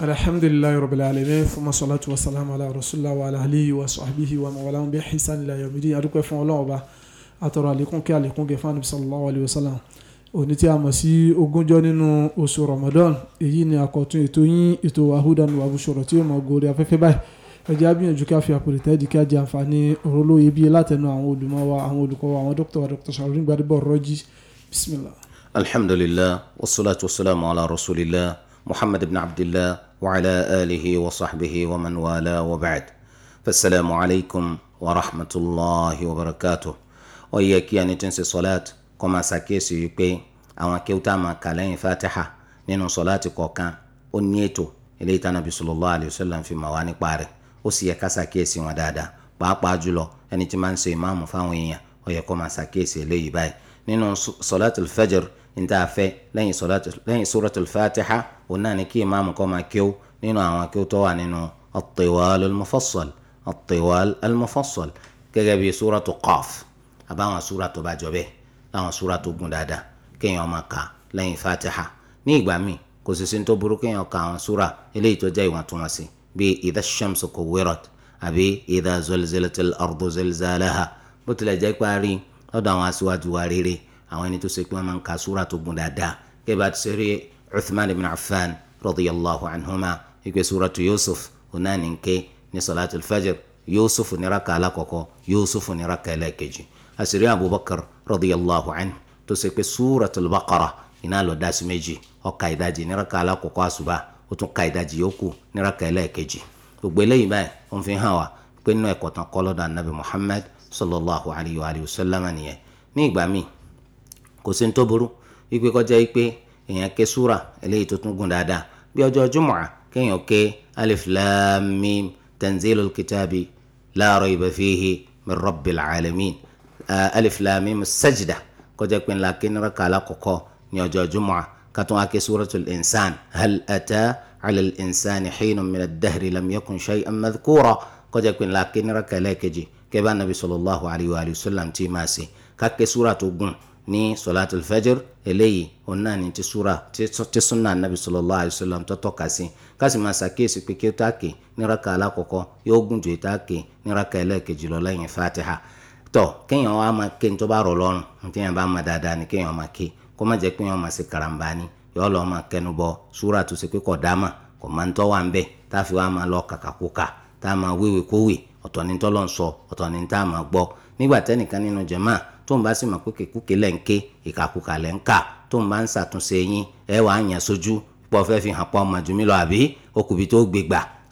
alhamdulilayi rabbil alamin fuma salatu wa salamu ala rasulillah wa ala alihi wa sahbihi wa mawalan bi hisan ila yomidi adúpẹ́ fún Ọlọ́run ba atọrọ àlékún kí àlékún kẹfà níbi sallallahu alayhi wa sallam òní tí a mọ̀ sí ogúnjọ́ nínú oṣù ramadan èyí ni àkọ́tún ètò yín ètò ahudan wa busọ̀rọ̀ tí yóò mọ̀ gòrè afẹ́fẹ́ báyìí ẹjẹ́ agbìyànjú ká fi àpèrè tẹ́ẹ̀dì ká jẹ àǹfààní òróló ibi látẹnu àwọn olùmọ̀ wa àwọn olùkọ́ wa àwọn dókítà wa dókítà sàrúdín gbadébọ̀ rọ́jí bisimilah. alhamdulilah wasalaatu wasalaamu ala rasulillah محمد بن عبد الله وعلى آله وصحبه ومن والاه وبعد فالسلام عليكم ورحمة الله وبركاته وإياك أن تنسي صلاة كما ساكيسي يكي أو كيوتا ما كالين فاتحة نينو صلاة كوكان ونيتو إلي تنبي صلى الله عليه وسلم في مواني قاري وسيا كاساكيسي ودادا pàápàá jùlọ ẹni tí máa ń ṣe ìmáàmù fáwọn èèyàn ó yẹ kó níta fẹ́ lẹ́yìn suratul fatiha òun náà ni kí ìmáàmù kọ́ máa kí ó nínú àwọn akéwò tó wà nínú at-tiwal al-mufassal at-tiwal al-mufassal gẹ́gẹ́ bí suratu qaf àbáwọn sura tó bá jọ bẹ́ẹ̀ láwọn sura tó gùn dáadáa kéèyàn máa kà lẹ́yìn fatiha ní ìgbà míì kò sì sí ní tó burú kéèyàn ka àwọn sura eléyìí tó jẹ́ ìwọ̀ntúnwọ̀nsì bíi idha shamsu kuwirat àbí idha zulzilatil ardu zilzalaha bó tilẹ̀ jẹ́ parí lọ́dọ̀ àwọn aṣíwájú wa rere àwọn ẹni tó ṣe pé wọ́n máa ń ka súra tó gùn dáadáa kí bá ti ṣe rí Uthman ibn Affan radiyallahu anhuma ìgbé súra tó Yusuf onáni nké ní sọláàtì fajr Yusuf níraka alákọ̀ọ́kọ́ Yusuf níraka ẹlẹ́ẹ̀kejì àṣírí Abubakar radiyallahu anhu tó ṣe pé súra tó Baqara iná lọ dá sí méjì ó ka ìdajì níraka alákọ̀ọ́kọ́ àṣùbà ó tún ka ìdajì yòókù níraka ẹlẹ́ẹ̀kejì gbogbo eléyìí báyìí ó fi hàn wá pé nínú ẹ̀kọ́ tán kọ́ anabi Muhammad sallallahu alayhi wa sallam nìyẹn ní ìgbà míì kò sí ní tó burú wípé kọjá wípé èèyàn ké súrà eléyìí tó tún gùn dáadáa bí ọjọ́ jùmọ̀à kéèyàn ké alif lam mim tanzilul kitabi la rayba fihi min alif lam mim kọjá pé ńlá ké nira kàlá kọ̀kọ́ ní ọjọ́ jùmọ̀à kàtún súra tó insan hal ata ala al xinu mina dahri ad-dahri lam yakun shay'an madhkura kọjá pé ńlá ké nira kàlá kejì kẹbà nàbì sallallahu alayhi wa sallam tí ma ṣe ká ké súrà tó gùn ní sọláàtì fẹjẹr eléyìí òun náà ní ti súra tí súnà nàbì sallallahu alaihi wasallam tó tọ́ka sí káṣí máa ṣàkíyèsí pé kí ó táàkì níraka alákọ̀ọ́kọ́ yóò gùn ju ìtàkì níraka ẹlẹ́ẹ̀kejì lọ lẹ́yìn fatiha tó kéèyàn wá máa ké ní tó bá rọ̀ lọ́rùn ní kéèyàn bá máa dáadáa ní kéèyàn máa ké kó má jẹ́ pé èèyàn máa ṣe karambani yóò lọ́ọ́ máa kẹnu bọ súra tó ṣe pé kò dáama kò máa ń tọ́ wà ń bẹ̀ tá fi wá tóun bá sì mọ̀ pé kèkúkè lẹ̀ ń ké ìkàkùkà lẹ̀ ń kà tóun bá ń ṣàtúnṣe yín ẹ wàá yàn fi hàn pọ̀ ọmọ jù mí lọ àbí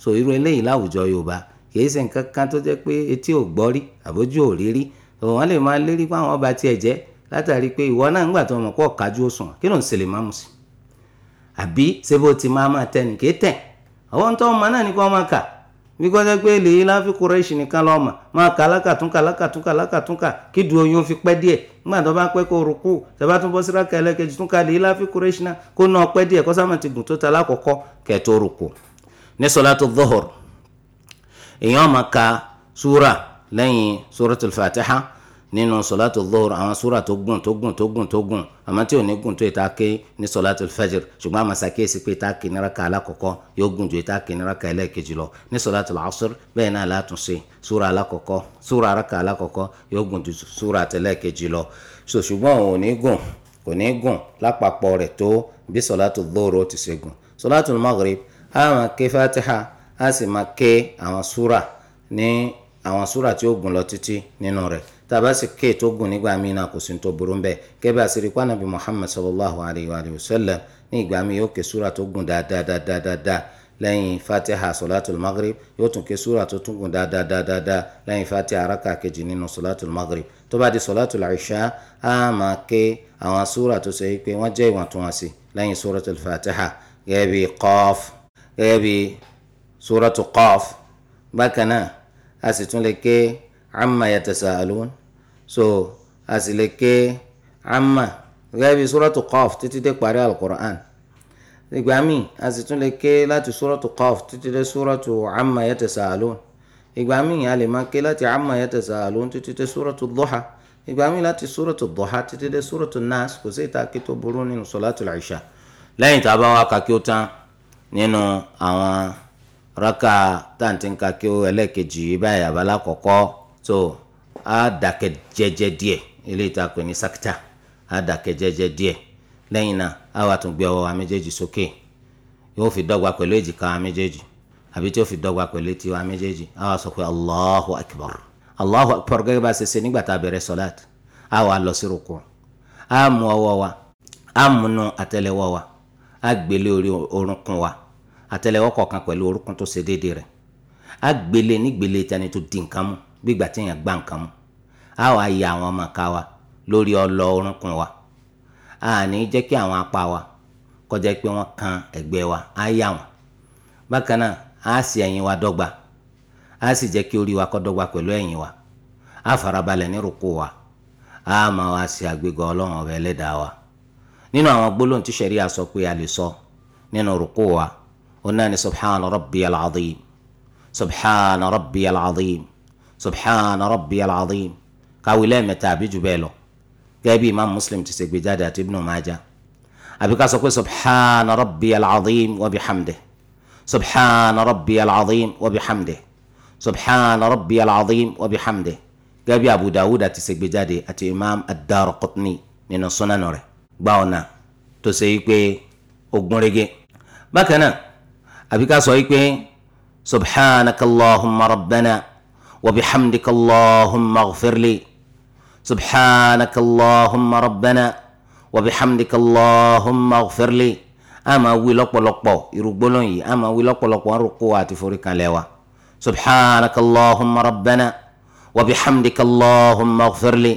so irú eléyìí láwùjọ Yorùbá kìí ṣe nǹkan kan tó jẹ́ pé etí ò gbọ́ rí àbójú ò rí rí wọ́n lè máa lérí ọba tiẹ̀ jẹ́ látàrí pé ìwọ náà ńgbà tó mọ̀ pọ̀ kájú òsùn kí ló ń ṣe lè ti máa máa tẹ̀ àwọn ọmọ náà ní kó wíkọ́jẹ́ pé èlé yìí láfi Kúrẹ́ṣì nìkan lọ́mọ máa kà lákàtúnkà lákàtúnkà lákàtúnkà kí du oyún fi pẹ́ díẹ̀ nígbà tó bá pẹ́ kó rúkú tẹ̀bá tún bọ́ síra kẹlẹ́ kejì tún ka èlé yìí láfi Kúrẹ́ṣì náà kó náà pẹ́ díẹ̀ kó sáma ti gùn tó ta lákọ̀ọ́kọ́ kẹ̀tọ́ rúkú. ní sọlátù dhuhur èèyàn máa ka súra lẹ́yìn súratul Fatiha nínú sọláàtù lóhùr àwọn súrà tó gùn tó gùn tó gùn tó gùn àmọ́ tí ò ní gùn tó ìta ké ní sọláàtù fẹjìr ṣùgbọ́n àmọ́ sàkíyèsí pé ìta ké nira ká alákọ̀ọ́kọ́ yóò gùn ju ìta ké nira ká ẹlẹ́ẹ̀kejì lọ ní sọláàtù làásùr bẹ́ẹ̀ náà látúnṣe súrà alákọ̀ọ́kọ́ súrà araka alákọ̀ọ́kọ́ yóò gùn ju súrà tẹlẹ́ẹ̀kejì lọ ṣùgbọ́n ò ní gùn kò ní gùn lápapọ̀ rẹ̀ tó bí sọláàtù lóhùr ó ti ṣe gùn sọláàtù tàbá sì ké tó gùn nígbà míì náà kò sí tó burú bẹ́ẹ̀ kẹ́bí àṣírí kwanabi muhammad sallallahu alayhi wa sallam ní ìgbà míì yóò ké súra tó gùn dáadáadáadáa lẹ́yìn fatiha solatul maghrib yóò tún ké súra tó tún gùn dáadáadáa lẹ́yìn fatiha araka kejì nínú solatul maghrib tó bá di solatul isha á máa ké àwọn súra tó sọ yìí pé wọ́n jẹ́ ìwọ̀ntúnwọ̀nsì lẹ́yìn suratul fatiha gẹ́gẹ́ bí qaf gẹ́gẹ́ bí suratu qaf bákan náà a sì tún lè ké amma yatasaalun so a sì lè ké amma gẹ́gẹ́ bí suratu qaf títí dé parí al-Qur'an ìgbà míì a sì tún lè ké láti suratu qaf títí dé suratu amma yatasaalun ìgbà míì a lè máa ké láti amma yatasaalun títí dé suratu duha ìgbà míì láti suratu duha títí dé suratu nas kò sí ìtàkì tó burú nínú solatul isha lẹ́yìn tá a bá wá kakí ó tán nínú àwọn rákà táǹtí kakí ó ẹlẹ́ẹ̀kejì báyìí àbálá kọ̀ọ̀kọ́ tó. So, á dákẹ́ jẹ́jẹ́ díẹ̀ a pè ní sákítà á dákẹ́ jẹ́jẹ́ náà á wà tún gbé ọwọ́ wa méjèèjì sókè yóò fi dọ́gba pẹ̀lú èjìká wa méjèèjì àbí tí yóò fi dọ́gba pẹ̀lú ti wa méjèèjì á wà sọ pé allahu akbar allahu akbar gẹ́gẹ́ bá a ṣe ṣe nígbà tá a bẹ̀rẹ̀ sọ́láàt á wà lọ sí rúkú á mú ọwọ́ wa múnú wa gbélé orí wa kọ̀ọ̀kan pẹ̀lú tó ṣe déédéé rẹ̀ gbélé nígbélé mú gbígbà téèyàn gbá nǹkan mú a wàá ya àwọn ọmọ ká wa lórí ọlọ orúnkún wa a ní jẹ́ kí àwọn apá wa kọjá pé wọ́n kan ẹ̀gbẹ́ wa á yà wọ́n bákan náà a sì ẹ̀yìn wa dọ́gba a sì jẹ́ kí orí wa kó dọ́gba pẹ̀lú ẹ̀yìn wa a farabalẹ̀ ní wa a máa wá sí àgbéga ọlọ́run ọba ẹlẹ́dàá wa nínú àwọn gbólóhùn tí sẹ́ríà sọ pé a lè sọ nínú rúkú wa ó náà rabbi al-azim rabbi al subhana rabbiyal azim káwé lẹ́ẹ̀mẹ́ta àbí jù bẹ́ẹ̀ lọ gẹ́gẹ́ bí imam muslim ti ṣe gbé jáde àti ibnu maja àbí ká sọ pé subhana rabbiyal azim wa bihamdih subhana rabbiyal azim wa bihamdih subhana rabbiyal azim wa bihamdih gẹ́gẹ́ bí abu dawud àti ṣe gbé jáde àti imam ad-darqutni nínú sunan rẹ̀ gbá ọ̀nà tó ṣe yí pé ogun rege bákan náà àbí ká sọ yí pé subhanakallahumma rabbana. وبحمدك اللهم اغفر لي سبحانك اللهم ربنا وبحمدك اللهم اغفر لي a máa wí lọ́pọ̀lọpọ̀ irúgbólóhùn yìí a máa wí lọ́pọ̀lọpọ̀ arúgbó àti foríkanlẹ̀ wa subhanaka allahumma rabbana wa bihamdika allahumma ghfirli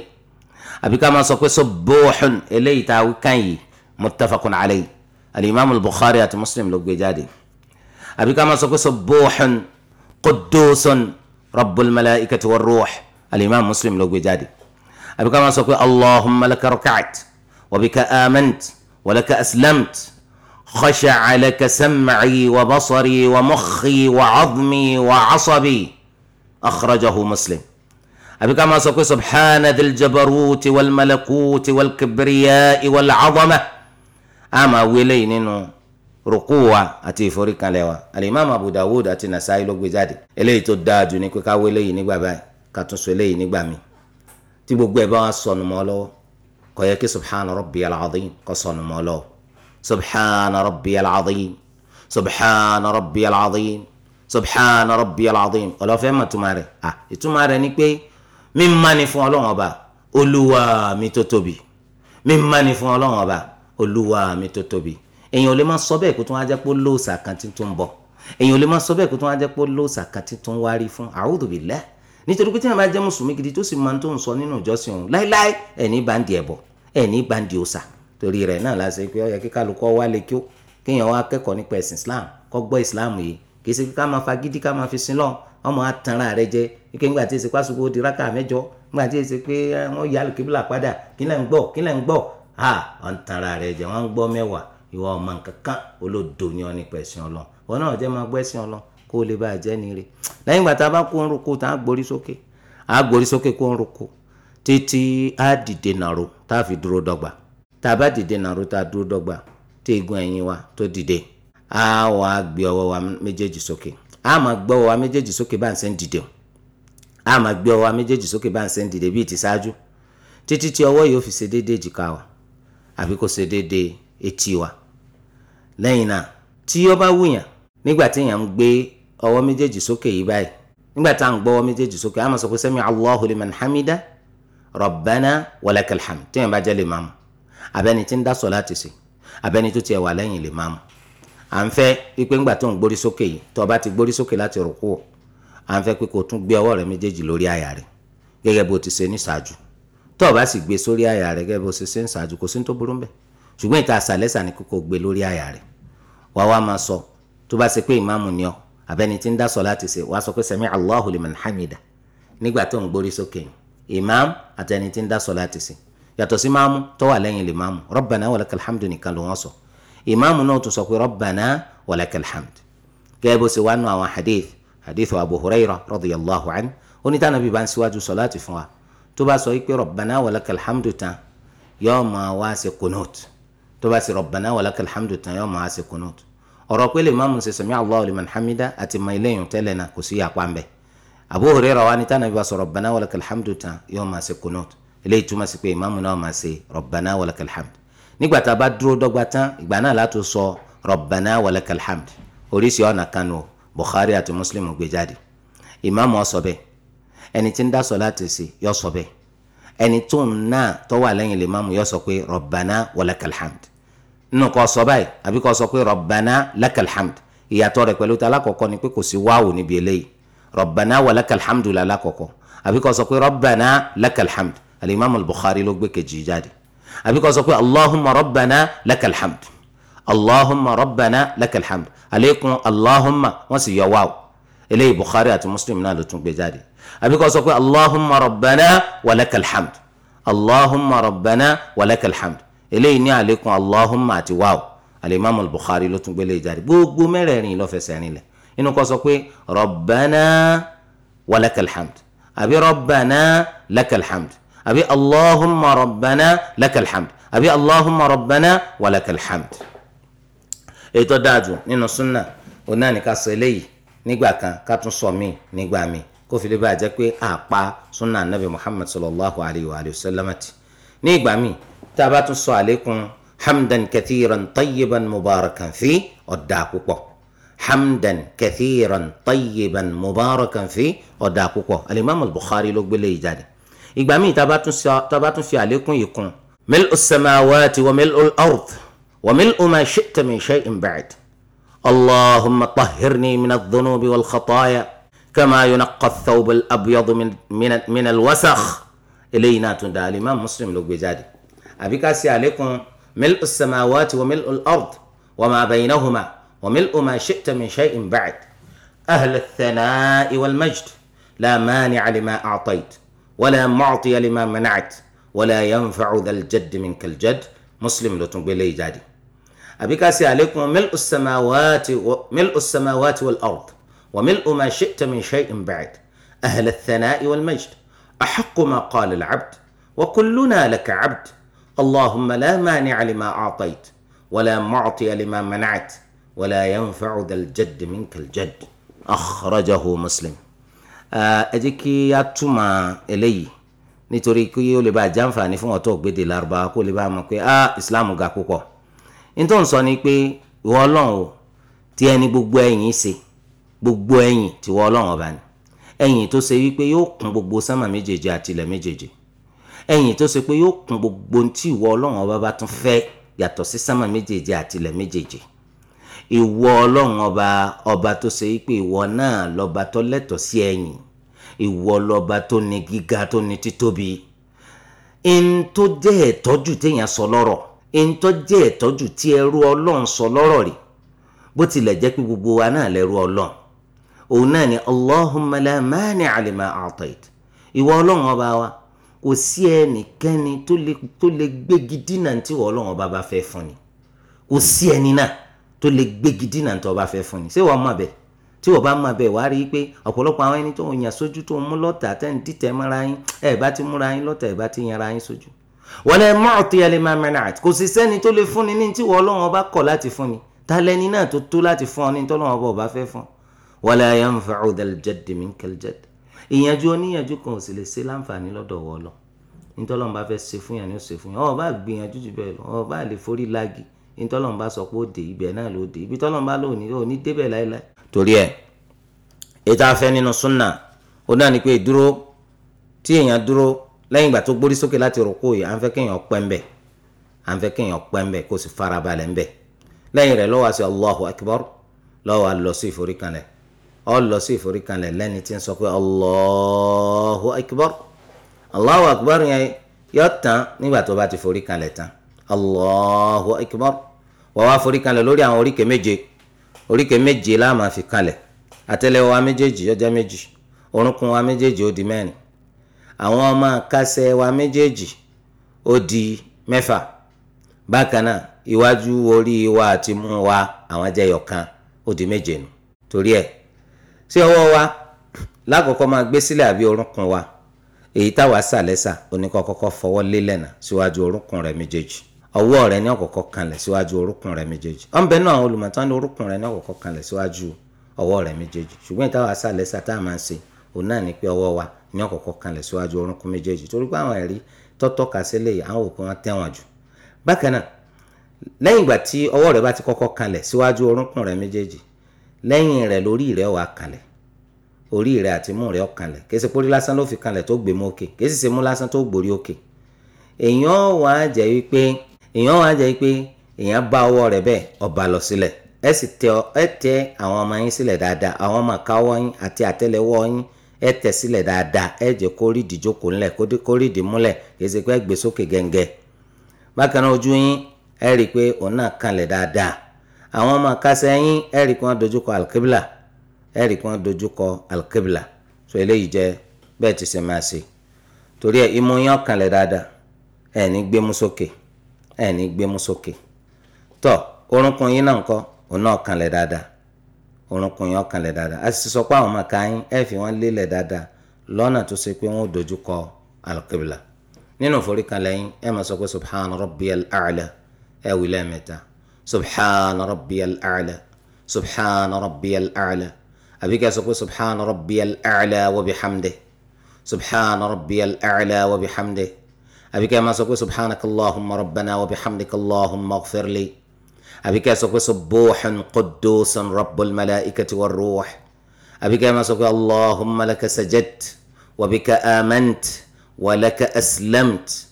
àbí ká máa sọ pé subuhun eléyìí tá a wí kàn yìí muttafaqun alayhi alimami al-bukhari àti muslim ló gbé jáde àbí ká máa sọ pé subuhun qudusun. رب الملائكة والروح الإمام مسلم لو بجادي أبي كما سوكي اللهم لك ركعت وبك آمنت ولك أسلمت خشع لك سمعي وبصري ومخي وعظمي وعصبي أخرجه مسلم أبي كما سوكي سبحان ذي الجبروت والملكوت والكبرياء والعظمة أما ولين rukú wa àti ìforíkanlẹ̀ wa alimami abu dawud àti nasaayi ló gbé jáde eléyìí tó dáa jù ní pé ká wé eléyìí nígbà báyìí ká tún so eléyìí nígbà mi tí gbogbo ẹ bá wa sọnù mọ́ lọ́wọ́ kò yẹ kí subhana rabbi al-azim kò sọnù mọ́ lọ́wọ́ subhana rabbi al-azim subhana rabbi al subhana rabbi al-azim ọlọ́fẹ́ mà túmọ̀ rẹ̀ à ìtumọ̀ ni pé mímá ni fún ọlọ́wọ́n ọba olúwa mi tó tóbi mímá ni fún ọlọ́wọ́n ọba olúwa mi tó tóbi èèyàn ò lè máa sọ bẹ́ẹ̀ kó tún wá jẹ́ pé ó lóòsà kan tí tó ń bọ̀ èèyàn ò lè máa sọ bẹ́ẹ̀ kó tún wá jẹ́ pé ó lóòsà kan tí tó ń wárí fún a'udhu billah nítorí pé tí wọn bá jẹ́ mùsùlùmí gidi tó sì máa tó ń sọ nínú ìjọsìn òun láéláé ẹ̀ní bá ń di ẹ̀bọ̀ ẹ̀ní bá ń di òòsà torí rẹ̀ náà la ṣe pé ó yẹ kí kálukọ́ wá lè kí ó kéèyàn wá kẹ́kọ̀ọ́ nípa ẹ̀sìn Islam kọ́ gbọ́ Islam yìí kì í ṣe ká máa fagídí ká máa fi sin lọ́n ọmọ atanra rẹ jẹ ike ńgbà tí èsì pàṣípò di rákà mẹ́jọ ńgbà tí èsì pé eh, wọ́n yà lùkíbìlà padà kí ń gbọ́ kí ń gbọ́ ha ọ̀ ń tanra rẹ jẹ wọ́n ń gbọ́ mẹ́wàá ìwà ọmọ nkankan olódo yan nípa ẹ̀sìn ọlọ́run wọn náà jẹ́ máa gbọ́ ẹ̀sìn ọlọ́run kó o lè bá a jẹ́ ní ire lẹ́yìn ìgbà tá a bá kó ń roko tá a gborí sókè a gborí sókè kó ń roko títí a dìde nàró tá a fi dúró dọ́gba tá a bá dìde nàró tá a dúró dọ́gba tí eegun ẹ̀yìn wa tó dìde a wà á gbé ọwọ́ wa méjèèjì sókè a máa gbé ọwọ́ wa méjèèjì sókè bá ń ṣe ń dìde a máa gbé ọwọ́ wa méjèèjì sókè bá ń ṣe ń dìde bíi ti ṣáájú títí tí ọwọ́ yìí ó fi ṣe déédéé jìkà wa àbí kó ṣe déédéé etí wa lẹ́yìn náà tí ó bá wùyàn nígbà tí èèyàn ń gbé ọwọ́ méjèèjì sókè yìí báyìí nígbà tá à ń gbọ́ ọwọ́ méjèèjì sókè á máa sọ pé sami Allahu liman hamida rabbana walakal hamd tí èèyàn bá jẹ́ límámù abẹ́ni tí ń dá sọ̀láàtì sí abẹ́ni tó tiẹ̀ wà lẹ́yìn límámù à ń fẹ́ wípé ńgbà tó ń gbórí sókè yìí tó o bá ti gbórí sókè láti rùkú à ń fẹ́ pé kó tún gbé ọwọ́ rẹ méjèèjì lórí àyà rẹ gẹ́gẹ́ bó ti ṣe ní ṣáájú tó o bá sì gbé e sórí àyà rẹ gẹ́gẹ́ bó ṣe ṣe ń ṣáájú kò sí ní tó burú ńbẹ̀ ṣùgbọ́n ìta àṣàlẹ́sà ni kókó gbé lórí àyà rẹ̀ wà wá máa sọ tó bá ṣe pé ìmáàmù ni ọ abẹ́ni tí ń dá sọ láti ṣe wàá sọ pé sami allahu liman hamida nígbà tó ń gbórí sókè ìmáàmù àtẹni tí ń dá sọ láti ṣe yàtọ̀ sí máàmù tó wà lẹ́yìn lè máàmù rabbana walakal hamdu nìkan ló wọ́n sọ ìmáàmù náà tún sọ pé rabbana walakal hamdu gẹ́gẹ́ bó ṣe wá nù àwọn hadith hadith abu huraira radiyallahu anhu onítànàbí bá ń síwájú sọ láti fún wa tó bá sọ wípé rabbana walakal hamdu tán yóò máa wá ṣe kunut tó bá sì rabbana walakal hamdu tán yóò máa ṣe kunut ọ̀rọ̀ pé lè máàmù ṣe sami Allahu liman hamida àti mọ ilé yìí tẹ́lẹ̀ náà kò sí yàpá ń bẹ̀ Abu Hurairah wa ni tánà bí wàá sọ rabbana walakal hamdu tán yóò máa ṣe kunut eléyìí túmọ̀ sí pé ìmáàmù náà máa ṣe rabbana walakal hamdu nígbà tá a bá dúró dọ́gba tán ìgbà náà látò sọ rabbana walakal hamdu oríṣi ọ̀nà kan nù àti Muslim gbé jáde ìmáàmù ó sọ bẹ́ẹ̀ ẹni tí ń dá sọ láti ṣe yóò sọ bẹ́ẹ̀ ẹni tó ń náà tó wà lẹ́yìn lè máàmù yóò sọ pé rọ̀bànà wàlákàl hamd nínú kò sọ báyìí àbí kò sọ pé rọ̀bànà lákàl hamd ìyàtọ̀ rẹ̀ pẹ̀lú ta alákọ̀ọ́kọ́ ni pé kò sí wáwò níbi eléyìí rọ̀bànà wàlákàl hamd la alákọ̀ọ́kọ́ àbí kò sọ pé rọ̀bànà lákàl hamd alimami Bukhari ló gbé kejì jáde àbí kò sọ pé allahumma rọ̀bànà lákàl allahumma rọ̀bànà lákàl àbí kó sọ pé allahumma rabbana walakal hamd allahumma rabbana walakal hamd eléyìí ní àlékún allahumma àti wáwò alimami al-bukhari ló tún gbélé ìjáde gbogbo mẹ́rẹ̀ẹ̀rin ló fẹsẹ̀ rinlẹ̀ inú kó sọ pé rabbana walakal hamd àbí rabbana lakal hamd àbí allahumma rabbana lakal hamd àbí allahumma rabbana walakal hamd. èyí tó nínú súnà òun ká sọ eléyìí nígbà kan ká tún sọ míì nígbà míì kó fi lè bá a jẹ́ pé àpá sunna anabi muhammad sallallahu alayhi wa sallam ti ní ìgbà míì tá a bá tún sọ àlékún hamdan kathiran tayyiban mubarakan fi ọ̀dà púpọ̀ hamdan kathiran tayyiban mubarakan fi ọ̀dà púpọ̀ alimami al ló gbélé yìí jáde ìgbà míì tá a bá tún fi àlékún yìí kún ملء السماوات وملء الأرض وملء ما شئت من شيء بعد اللهم طهرني من الذنوب والخطايا كما ينقى الثوب الابيض من من, من الوسخ الينا تندى الامام مسلم لو بجادي ابيك كاسي عليكم ملء السماوات وملء الارض وما بينهما وملء ما شئت من شيء بعد اهل الثناء والمجد لا مانع لما اعطيت ولا معطي لما منعت ولا ينفع ذا الجد منك الجد مسلم لو تنبلي جادي ابي كاسي عليكم ملء السماوات وملء السماوات والارض وملء ما شئت من شيء بعد اهل الثناء والمجد احق ما قال العبد وكلنا لك عبد اللهم لا مانع لما اعطيت ولا معطي لما منعت ولا ينفع ذا الجد منك الجد اخرجه مسلم آه، اجيكي يا توما الي nítorí kí yóò lè ba jàǹfààní fún ọtọ gbèdè lárúbá kó lè ba mọ pé ah islam ga púpọ nítorí sọ gbogbo ẹ̀yìn tiwọ́ ọlọ́run ọba ni ẹ̀yìn tó ṣe wípé yóò kún gbogbo sánmà méjèèje àti ilẹ̀ méjèèje ẹ̀yìn tó ṣe pé yóò kún gbogbo tí ìwọ ọlọ́run ọba bá tún fẹ́ yàtọ̀ sí sánmà méjèèje àti ilẹ̀ méjèèje ìwọ ọlọ́run ọba ọba tó ṣe wípé ìwọ náà lọ́ba tó lẹ́tọ̀ọ́ sí ẹ̀yìn ìwọ lọ́ba tó ní gíga tó ní títóbi in tó jẹ́ ẹ̀tọ́jú téèyàn sọ lọ́rọ̀ in tó jẹ́ ẹ̀tọ́jú tí ẹrú ọlọ́run sọ lọ́rọ̀ rí bó tilẹ̀ jẹ́ pé gbogbo wa náà lẹ́rú ọlọ́run òun náà ni allahumma la mani'a lima a'tait ìwọ ọlọ́run ọba wa kò sí ẹnikẹ́ni tó lè gbégi dínà tí ìwọ ọlọ́run ọba bá fẹ́ fún ni kò sí ẹni náà tó lè gbégi dínà tí ọba fẹ́ fún ni ṣé wàá mọ̀ bẹ́ẹ̀ tí wọ́n bá mọ̀ bẹ́ẹ̀ wá rí i pé ọ̀pọ̀lọpọ̀ àwọn ẹni tó ń yàn sójú tó ń mú lọ́tà tẹ́ ń dìtẹ̀ mọ́ra yín ẹ̀ bá ti múra yín lọ́tà ẹ̀ bá ti yanra yín sójú. wọ́n lẹ mọ́ ọ̀tí máa mẹ́rin àti kò sí sẹ́ni tó lè fúnni ní tí wọ́n ọlọ́run ọba kọ̀ láti fúnni ta lẹni náà tó tó láti fún ọ ní tọ́lọ́run ọba ọba fẹ́ fún ọ wala yanfa'u dhal jaddi minkal jadd ìyànjú oníyànjú kan ò sì lè ṣe láǹfààní lọ́dọ̀ wọ́ lọ nítọ́lọ́n bá fẹ́ ṣe fún yàn ni ó ṣe fún yàn ọ̀ọ́ bá gbìyànjú jù bẹ́ẹ̀ lọ ọ̀ọ́ bá lè forí lagi nítọ́lọ́n bá sọ pé ó dé ibẹ̀ náà ló dé ibi tọ́lọ́n bá lò ní òní débẹ̀ láéláé. torí ẹ ètò afẹ́ nínú súnà ó náà ni pé dúró tí èèyàn dúró lẹ́yìn ìgbà tó gbórí sókè láti rúkú yìí à ń fẹ́ kéèyàn pẹ́ ńbẹ̀ à ń fẹ́ kéèyàn pẹ́ ńbẹ̀ kó sì farabalẹ̀ ńbẹ̀ lẹ́yìn rẹ̀ ló wá sí Allahu Akbar ló ìforíkanlẹ̀ ọ lọ sí ìforíkanlẹ̀ lẹ́ni tí ń sọ pé allahu akbar allahu akbar yẹn yọ tán nígbà tó bá ti foríkanlẹ̀ tán allahu akbar wà wá foríkanlẹ̀ lórí àwọn oríkè méje oríkè méje la máa fi kanlẹ̀ àtẹ́lẹwọ́ wa méjèèjì yó jẹ́ méjì orúnkún wa méjèèjì ó di mẹ́rin àwọn ọmọ kásẹ̀ wa méjèèjì ó di mẹ́fà bákan náà iwájú orí wa àti mú wa àwọn jẹyọ kan ó di méje nù torí ẹ̀ sí ọwọ́ wa lákọ̀ọ́kọ́ máa gbé sílẹ̀ àbí orúnkún wa èyí táwa sàlẹ́sà oníkọ́kọ́kọ́ fọwọ́ lélẹ̀ náà síwájú orúnkún rẹ̀ méjèèjì ọwọ́ rẹ̀ ní ọ̀kọ̀ọ̀kọ́ kanlẹ̀ síwájú orúnkún rẹ̀ méjèèjì ọ̀nbẹ náà àwọn olùmọ̀tán ní orúnkún rẹ̀ ní ọ̀kọ̀ọ̀kọ́ kanlẹ̀ síwájú ọwọ́ rẹ̀ méjèèjì ṣùgbọ́n ìtawà sàlẹ́sà tá a máa ń ṣe òun náà ní pé ọwọ́ wa ní ọ̀kọ̀ọ̀kọ́ kanlẹ̀ síwájú orúnkún méjèèjì torí pé àwọn ẹ̀rí tọ́tọ́ kà sílẹ̀ àwọn òkú wọn tẹ̀wọ̀n jù bákan náà lẹ́yìn ìgbà tí lẹ́yìn rẹ̀ lórí rẹ̀ wà kalẹ̀ orí rẹ̀ àti mú rẹ̀ kalẹ̀ kése pórí lásán ló fi kalẹ̀ tó gbé mú òkè kése sèmú lásán tó gbórí òkè èèyàn wà á jẹ́ wípé èèyàn wà á jẹ́ wípé èèyàn bá ọwọ́ rẹ̀ bẹ́ẹ̀ ọba lọ sílẹ̀ ẹ sì tẹ ẹ tẹ àwọn ọmọ yín sílẹ̀ dáadáa àwọn ọmọ àkáwọ́ yín àti àtẹ́lẹwọ́ yín ẹ tẹ sílẹ̀ dáadáa ẹ jẹ́ kó rí ìdíjókòó ńlẹ̀ kó rí ìdímúlẹ̀ kése pé ẹ gbé bákan náà ojú yín ẹ rí i pé òun náà kanlẹ̀ dáadáa àwọn ọmọ àkàṣe ẹ̀yìn ẹ̀rì kan dojúkọ alkebla ẹ̀rì kan dojúkọ alkebla so eléyìí jẹ́ bẹ́ẹ̀ ti ṣe máa ṣe torí ẹ̀ imú yín dáadáa ẹ̀ ní gbémú sókè ẹ̀ ní gbémú sókè tó orúnkún yín náà ńkọ́ òun náà ọ̀kànlẹ̀ dáadáa orúnkún yín ọ̀kànlẹ̀ dáadáa a sọ pé àwọn ọmọ àkàyìn ẹ̀ fi wọ́n lélẹ̀ dáadáa lọ́nà tó ṣe pé wọ́n ò dojúkọ alkebla nínú ìforíkanlẹ̀ yín ẹ̀ máa sọ pé subhan rabbiyal a'la ẹ̀ wí lẹ́ẹ̀mẹ́ta سبحان ربي الأعلى سبحان ربي الأعلى أبيك أسوكو سبحان ربي الأعلى وبحمده سبحان ربي الأعلى وبحمده أبيك ما سوكو سبحانك اللهم ربنا وبحمدك اللهم اغفر لي أبيك أسوكو سبوح قدوس رب الملائكة والروح أبيك ما سوكو اللهم لك سجدت وبك آمنت ولك أسلمت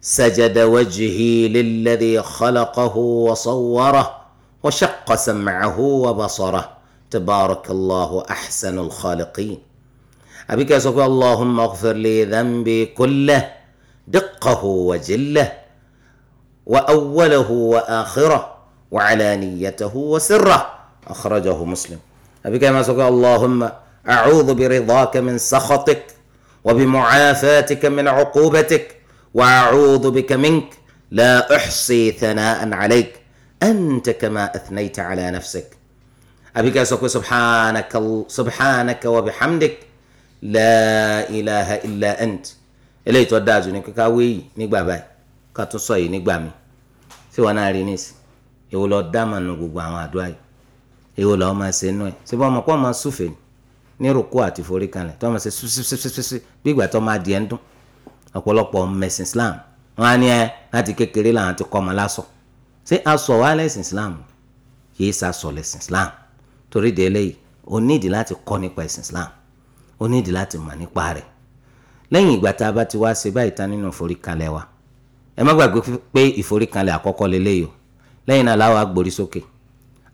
سجد وجهي للذي خلقه وصوره وشق سمعه وبصره تبارك الله احسن الخالقين ابيك يا اللهم اغفر لي ذنبي كله دقه وجله واوله واخره وعلانيته وسره اخرجه مسلم ابيك يا اللهم اعوذ برضاك من سخطك وبمعافاتك من عقوبتك واعوذ بك منك لا احصي ثناء عليك انت كما اثنيت على نفسك àbí ká sọ pé subhanaka subhanaka wa bihamdik la ilaha illa ant eléyìí tó dáa jù ní kíkà wéyìí nígbà báyìí ká tún sọ yìí nígbà mi tí wọn náà rí nísì èwo lọ dáàmà nu gbogbo àwọn àdúrà yìí èwo lọ máa ṣe nú ẹ e. ṣé bá ọmọ kó máa súfèé ní rúkú àti forí kanlẹ̀ tó máa ṣe sísísísísí bí ìgbà tó máa di ẹ e ń dún ọ̀pọ̀lọpọ̀ mẹ̀sìn islam wọn á ní ẹ láti kékeré làwọn ti kọ́ ọmọ lásọ ṣé aṣọ wa lẹ́sìn islam yìí sàṣọ lẹ́sìn islam torí de eléyìí o nídìí láti kọ́ nípa ẹ̀sìn islam o nídìí láti mọ̀ nípa rẹ̀ lẹ́yìn ìgbà tá a bá ti wá ṣe báyìí tán nínú ìforíkalẹ̀ wa ẹ má gbàgbé pé ìforíkalẹ̀ àkọ́kọ́ lélẹ́yìí o lẹ́yìn náà láwa gbórí sókè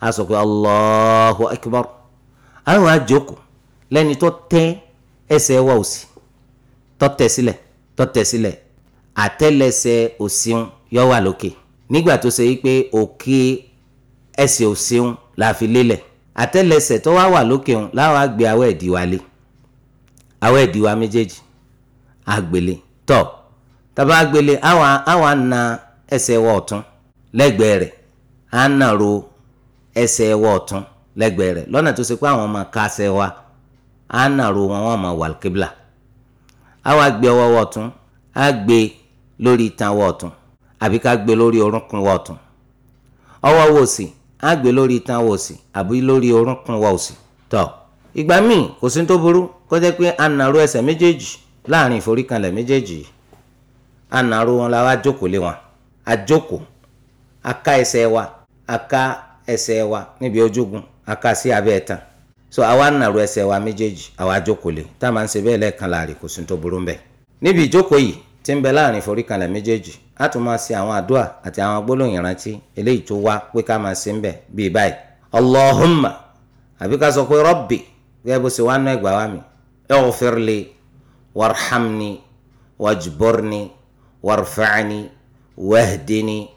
a sọ pé allahu akbar àwọn àjòkò lẹ́ni tó tẹ́ ẹsẹ̀ wa òsì tó tẹ̀ sílẹ̀ tọ́tẹ̀ sílẹ̀ àtẹ́lẹsẹ̀ òsì wọn yóò wà lókè nígbà tó ṣe wípé òkè ẹsẹ̀ òsì la fi lélẹ̀ àtẹ́lẹsẹ̀ tó wá wà lókè wọn láwọn àgbẹ̀ awẹ́ ìdíwà lé awẹ́ ìdíwà méjèèjì àgbélé tọ̀ tàbá àgbélé àwọn àna ẹsẹ̀ wọ̀ ọ̀tún lẹ́gbẹ̀ẹ́ rẹ̀ àna ro ẹsẹ̀ wọ̀ ọ̀tún lẹ́gbẹ̀ẹ́ rẹ̀ lọ́nà tó ṣe pé àwọn máa ká wa àna ro wọn wọn máa wà á wá gbé ọwọ́ ọwọ́ ọ̀tún gbé lórí itan ọwọ́ ọ̀tún àbí ká gbé lórí orúnkún ọwọ́ ọ̀tún ọwọ́ ọwọ́ òsì á gbé lórí itan ọwọ́ òsì àbí lórí orúnkún ọwọ́ òsì tọ́ ìgbà míì kò sí tó burú kó jẹ́ pé a nàró ẹsẹ̀ méjèèjì láàrin ìforíkanlẹ̀ méjèèjì a nàró wọn la wá jókòó lé wọn a jókòó a ká ẹsẹ̀ wa a ká ẹsẹ̀ wa níbi ojúgun a ká sí abẹ́ ẹ̀tàn so àwa nàró ẹsẹ̀ wa méjèèjì àwa jókòó lé tá a máa ń ṣe bẹ́ẹ̀ lẹ́ẹ̀kan láàrin kò sí tó burú ń bẹ̀. níbi ìjókòó yìí tí ń bẹ láàrin ìforíkanlẹ̀ méjèèjì a tún máa ṣe àwọn àdúà àti àwọn gbólóhùn ìrántí eléyìí tó wá pé ká máa ṣe ń bẹ̀ bíi báyìí. allahumma àbí ká sọ pé rabbi gẹ́gẹ́ bó ṣe wá nú ẹ̀gbá wa mi ighfirli warhamni wajburni warfa'ni wahdini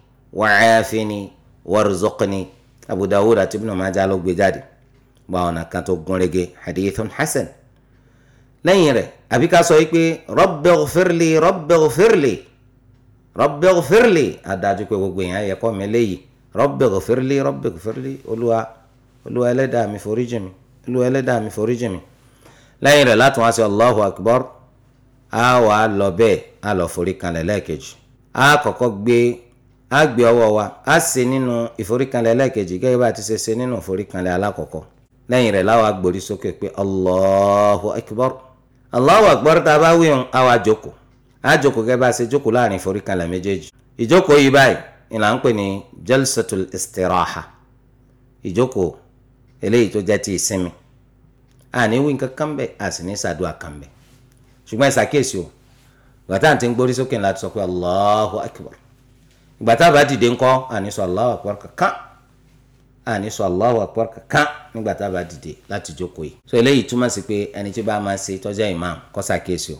gba ọ̀nà kan tó gún régé hadithun hasan lẹ́yìn rẹ̀ àbí ká sọ yìí pé rabbi ghfirli rabbi ghfirli rabbi ghfirli adájú pé gbogbo èèyàn yẹ kọ́ mi léyìí rabbi ghfirli rabbi ghfirli olúwa olúwa ẹlẹ́dàá mi foríjì mi olúwa ẹlẹ́dàá mi foríjì mi lẹ́yìn rẹ̀ látún wá sí allahu akbar a wà á lọ bẹ́ẹ̀ a lọ forí kanlẹ̀ lẹ́ẹ̀kejì a kọ́kọ́ gbé a gbé ọwọ́ wa a ṣe nínú ìforíkanlẹ̀ lẹ́ẹ̀kejì gẹ́gẹ́ bá a ti ṣe ṣe nínú ìforíkanlẹ̀ alákọ̀ọ́kọ́ lẹ́yìn rẹ̀ láwa gbòrí sókè pé allahu akbar allahu akbar tá a bá wíwọn àwa jókòó a jókòó gẹ́gẹ́ bá a ṣe jókòó láàrin ìforíkanlẹ̀ méjèèjì ìjókòó yìí báyìí ìlà ń pè ní jalsatul istiraha ìjókòó eléyìí tó jẹ́ ti ìsinmi àní wí nǹkan kan bẹ́ẹ̀ a sì ní sàdúrà kan bẹ́ẹ̀ ṣùgbọ́n ìsàkíyèsí o gbàtà àti ń gbórí sókè láti sọ pé allahu akbar ìgbàtà bá dìde ńkọ́ àní sọ allahu akbar kankan àní sọ Allahu Akbar kankan nígbà tá a bá dìde láti jókòó yìí. so eléyìí túmọ̀ sí pé ẹni tí bá máa ṣe tọ́jà imam kó ṣàkíyèsí o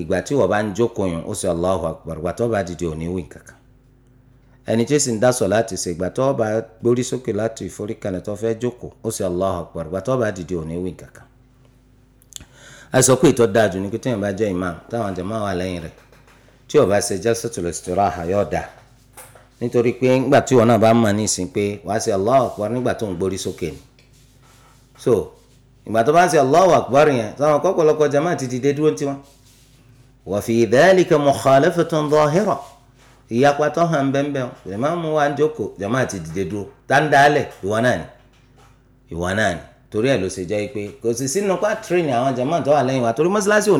ìgbà tí wọ́n bá ń jókòó yùn ó sọ Allahu Akbar ìgbà tó bá dìde ò ní wí kankan ẹni tí sì ń dá sọ̀láàtì láti ṣe ìgbà tó bá gbórí sókè láti ìforíkalẹ̀ tó fẹ́ jókòó ó sì Allahu Akbar ìgbà tó bá dìde ò ní nítorí pé nígbà tí wọn náà bá mọ̀ nísìn pé wàá ṣe Allahu Akbar nígbà tó ń gborí sókè ni so ìgbà tó bá ṣe Allahu Akbar yẹn táwọn kọ́pọ̀lọpọ̀ jama ti dìde dúró tiwọn. wa fi dhalika mukhalafatun zahira ìyapa tó hàn bẹ́ẹ̀ ìmọ̀ mú wa ń jókòó jama ti dìde dúró táńdálẹ̀ ìwọ náà ni ìwọ náà ni torí ẹ̀ ló ṣe jẹ́ pé kò sì sínú pa tírìnì àwọn jama tó wà lẹ́yìn wa torí mọ́ṣáláṣí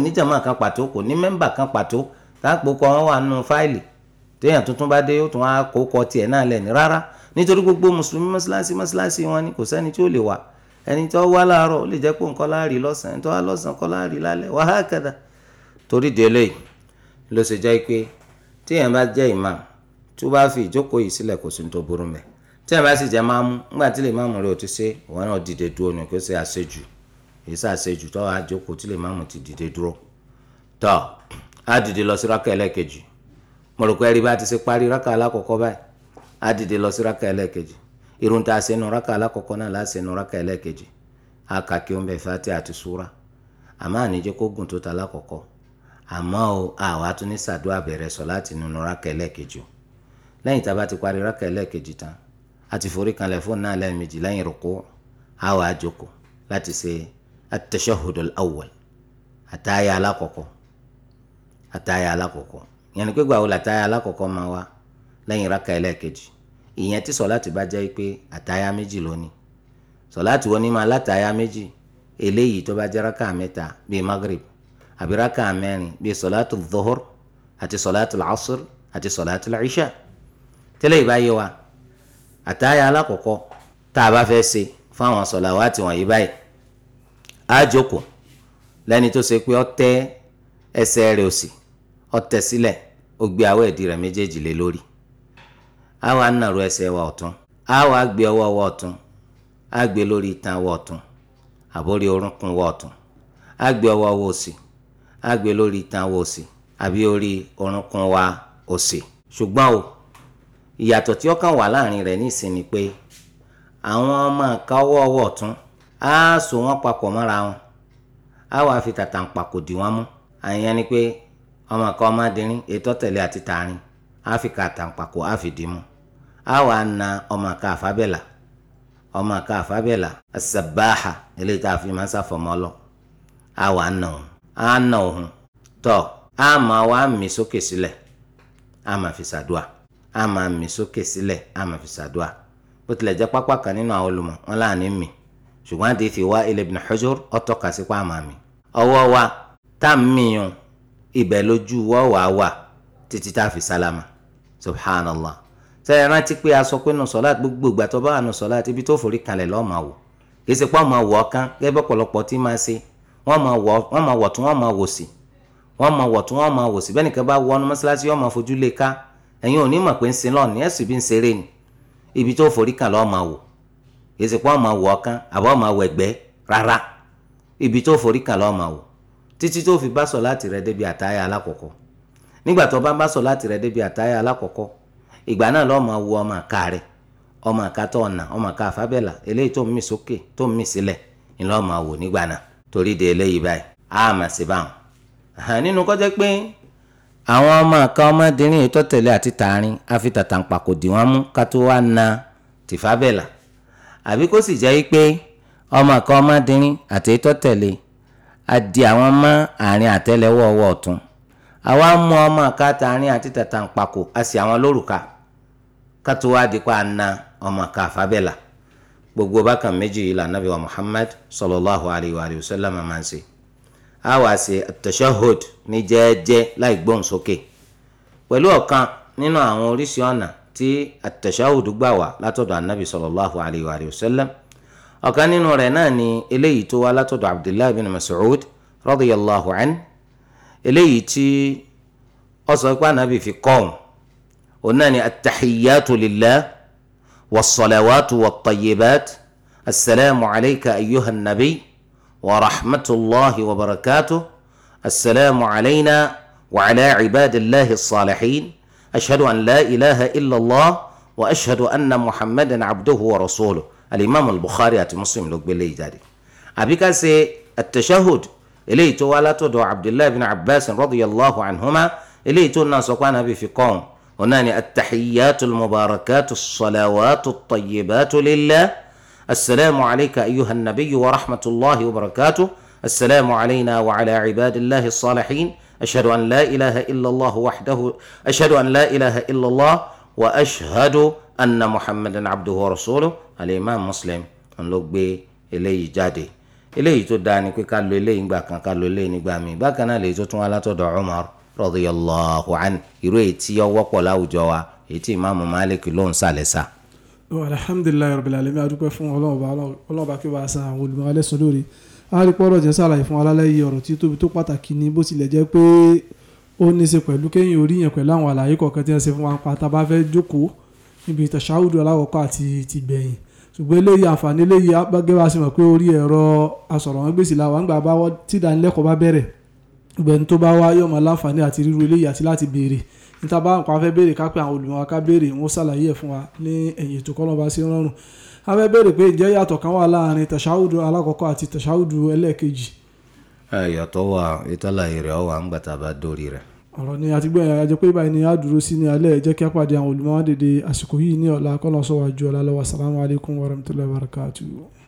téèyàn tuntun bá dé ó tún á kó kọ tiẹ̀ náà lẹ́ni rárá nítorí gbogbo mùsùlùmí mọ́sálásí mọ́sálásí wọn ni kò sẹ́ni tí ó lè wà ẹni tó wá láàárọ̀ ó lè jẹ́ pé nǹkan láàrí lọ́sàn ẹni tó wá lọ́sàn kọ́ láàrí lálẹ́ wa hakada torí délé ló ṣe jẹ́ pé téèyàn bá jẹ́ imam tó bá fi ìjókòó yìí sílẹ̀ kò sí ní tó burú mẹ́ téèyàn bá sì jẹ́ máàmú ńgbà tí lè máàmú rẹ̀ ò ti ṣe òun náà dìde dúró ni kò ṣe àṣejù èyí ṣàṣejù tó wàá jókòó tí lè máàmú ti dìde dúró tó á dìde lọ sí rákà ẹlẹ́kejì mo rò pé ẹrí bá ti ṣe parí rákà alákọ̀ọ́kọ́ báyìí á dìde lọ sí rákà ẹlẹ́ẹ̀kejì irun tá a ṣe nu rákà alákọ̀ọ́kọ́ náà láti ṣe nu rákà ẹlẹ́ẹ̀kejì á kà kí ó ń bẹ fati àti súra àmọ́ àníjẹ́ kó gùn tó ta alákọ̀ọ́kọ́ àmọ́ o àwa tún ní sàdúrà bẹ̀rẹ̀ sọ láti nínú rákà ẹlẹ́ẹ̀kejì o lẹ́yìn tá a bá ti parí rákà ẹlẹ́ẹ̀kejì tán a ti forí kanlẹ̀ fún náà ìyẹn ni pé gbàwo làtáyà alákọ̀ọ́kọ́ máa wá lẹ́yìn raka ẹlẹ́ẹ̀kejì ìyẹn tí sọ̀láàtì bá jẹ́ pé àtáyà méjì lónìí sọ̀láàtì wọn ní máa látàyà méjì eléyìí tó bá jẹ́ raka mẹ́ta bíi maghrib àbí raka mẹ́rin bíi sọ̀láàtì dhuhur àti sọ̀láàtì asr àti sọ̀láàtì isha tẹ́lẹ̀ ìbáyé wa àtáyà alákọ̀ọ́kọ́ tá a bá fẹ́ ṣe fáwọn sọ̀làwátì wọ̀nyí báyìí á jókòó lẹ́ni tó ṣe pé ó tẹ́ ẹsẹ̀ rẹ̀ òsì ó tẹ̀ ó gbé awọ ẹ̀dì rẹ̀ méjèèjì lé lórí á wá ẹsẹ̀ wa ọ̀tún a wá gbé ọwọ́ wa ọ̀tún a gbé lórí itan wa ọ̀tún àbórí orúnkún wa ọ̀tún a gbé ọwọ́ wa òsì a gbé lórí itan wa òsì àbí orí orúnkún wa òsì ṣùgbọ́n o ìyàtọ̀ tí ó kàn wá láàrin rẹ̀ ọmọ kan ọmọdérin ètò tẹ̀lé àti tààrin áfíríkà tàǹpàkò áfìdímù á wà á na ọmọ ká àfábẹ́là ọmọ ká àfábẹ́là àṣàbáhà eléyìí tá a fi máa ń ṣàfọmọ́ lọ á wà á na òun á na òun tọ́ á máa wá mí sókè sílẹ̀ á máa fi ṣàdúà á máa mí sókè sílẹ̀ á máa fi ṣàdúà bó tilẹ̀ jẹ́ pápá kan nínú àwọn olùmọ̀ wọn láàánú mi ṣùgbọ́n àdéhìí wa ilẹ̀ ibn Hujur ọ̀tọ̀ka sípò àmàmì ọwọ́ wa tá a mìíràn ibẹ̀ lójú wa wà wà títí tá a fi sálámà subhanallah sẹ́yìn rántí pé a sọ pé nù sọ́lá gbogbo ìgbà tó bá wà nù sọ́lá ibi tó forí kalẹ̀ lọ́ọ́ wò kì ṣe pé wọ́n wọ̀ ọ́ gẹ́gẹ́ bí tí máa ṣe wọ́n máa wọ̀ tún wọ́n máa wò sí wọ́n máa wọ̀ tún wọ́n máa wò sí bẹ́ẹ̀ nìkan bá wọ ọ́nú mọ́ṣáláṣí wọ́n fojú lé ká ẹ̀yin ò mọ̀ pé ń sin lọ́ọ̀ni ẹ̀sùn bí ń ṣeré ni ibi tó forí kan lọ́ọ́ wò kì ṣe pé wọ́n wọ̀ ọ́ àbọ̀ máa wọ̀ ẹ̀gbẹ́ rárá ibi tó forí kan lọ́ọ́ wò títí tó fi bá sọ láti rẹ débi àtàyà alákọ̀ọ́kọ́ nígbà tó bá bá sọ láti rẹ débi àtàyà alákọ̀ọ́kọ́ ìgbà náà lọ́ọ́ máa wo ọmọ àka rẹ ọmọ àka tó ọ̀nà ọmọ àka àfábẹ́là eléyìí tó ń mì sókè tó ń mì sílẹ̀ ni lọ́ọ́ máa wò nígbà náà torí de eléyìí báyìí á mà sí báwọn. nínú kọ́jẹ́ pé àwọn ọmọ àka ọmọdéyìn ètò tẹ̀lé àti tààrin àfi tàtàǹpàkò dì wọ́n mú ká wá na tìfábẹ́là àbí kó sì jẹ́ pé ọmọ àka ọmọdéyìn àti ètò tẹ̀lé a di àwọn mọ́ àárín àtẹ́lẹwọ́ ọwọ́ ọ̀tún àwa mú ọmọ àkáta àárín àti tàtà ń pakò a sì àwọn lórúkà kátó wá dípa àna ọmọ àká àfábẹ́là gbogbo bákan méjì yìí lànàbí wa Muhammad sallallahu alayhi wa sallam máa ń ṣe a wá ṣe at-tashahhud ní jẹ́ẹ́jẹ́ láì gbóhùn sókè pẹ̀lú ọ̀kan nínú àwọn oríṣi ọ̀nà tí at-tashahhud gbà wá látọ̀dọ̀ ànàbí sallallahu alayhi wa sallam أكان ورنا أني إليت ولا تدع عبد الله بن مسعود رضي الله عنه إليت أصدق نبي في قوم وناني التحيات لله والصلوات والطيبات السلام عليك أيها النبي ورحمة الله وبركاته السلام علينا وعلى عباد الله الصالحين أشهد أن لا إله إلا الله وأشهد أن محمدا عبده ورسوله alimami al-bukhari àti muslim ló gbélé ìjáde àbí ká ṣe at-tashahhud eléyìí tó wá látọ̀dọ̀ abdullahi bin abbas radiyallahu anhuma eléyìí tó náà sọ pé anabi fi kọ́ ọ̀hún náà ni at-tahiyyatu al-mubarakatu as-salawatu at-tayyibatu lillah السلام عليك أيها النبي ورحمة الله وبركاته السلام علينا وعلى عباد الله الصالحين أشهد أن لا إله إلا الله وحده أشهد أن لا إله إلا الله وأشهد anna muhammadan abduhu wa rasuluhu alimami muslim ló gbé eléyìí jáde eléyìí tó dáa ni pé ká lo eléyìí nígbà kan ká lo eléyìí nígbà míì bákan náà lè tó tún alátọ̀dọ̀ umar radiyallahu anhu irú èyí tí ó wọ́pọ̀ láwùjọ wa èyí tí imaamu malik ló ń sàlẹ̀ sá. alhamdulilayi rabbil alamin adúpẹ́ fún ọlọ́run bá kí wàá san àwọn olùmọ̀ọ́lẹ́ sọ lórí àrípọ̀rọ̀ jẹ́ sàlàyé fún alálẹ́ yìí ọ̀rọ̀ tí tóbi tó pàtàkì ni bó tilẹ̀ jẹ́ pé ó ní í ṣe pẹ̀lú kéyìn orí yẹn pẹ̀lú àwọn àlàyé kọ̀ọ̀kan tí wọ́n ṣe fún wa pa bá fẹ́ jókòó níbi tàṣàhùdù alákọ̀ọ́kọ́ àti ti gbẹ̀yìn ṣùgbọ́n eléyìí àǹfààní eléyìí gẹ́gẹ́ bá ṣe mọ̀ pé orí ẹ̀rọ asọ̀rọ̀mágbèsì làwọn àgbà bá wọ́n tí ìdánilẹ́kọ̀ọ́ bá bẹ̀rẹ̀ ìgbẹ̀ni tó bá wá yóò máa láǹfààní àti ríru eléyìí àti láti béèrè níta bá nǹkan afẹ́ béèrè ká pé àwọn olùmọ̀ aká béèrè wọn ṣàlàyé ẹ̀ fún wa ní ẹ̀yìn ètò kọ́lọ́ bá sí rọrùn afẹ́ béèrè pé ǹjẹ́ yàtọ̀ kan wà láàrin tàṣàhùdù alákọ̀ọ́kọ́ àti tàṣàhùdù ẹlẹ́ẹ̀kejì. ẹ yàtọ̀ wà ìtàlàyé rẹ̀ ọ̀ wà ń gbàtà bá dórí rẹ̀ ọ̀rọ̀ ni àti gbẹ̀yìn àjọ pé báyìí ni a dúró sí ní alẹ́ jẹ́ kí a pàdé àwọn olùmọ̀wá dédé àsìkò yìí ní ọ̀la kọ́lọ́sọ̀wájú ọ̀la lọ́wọ́ assalamu alaikum warahmatullahi wabarakatuh.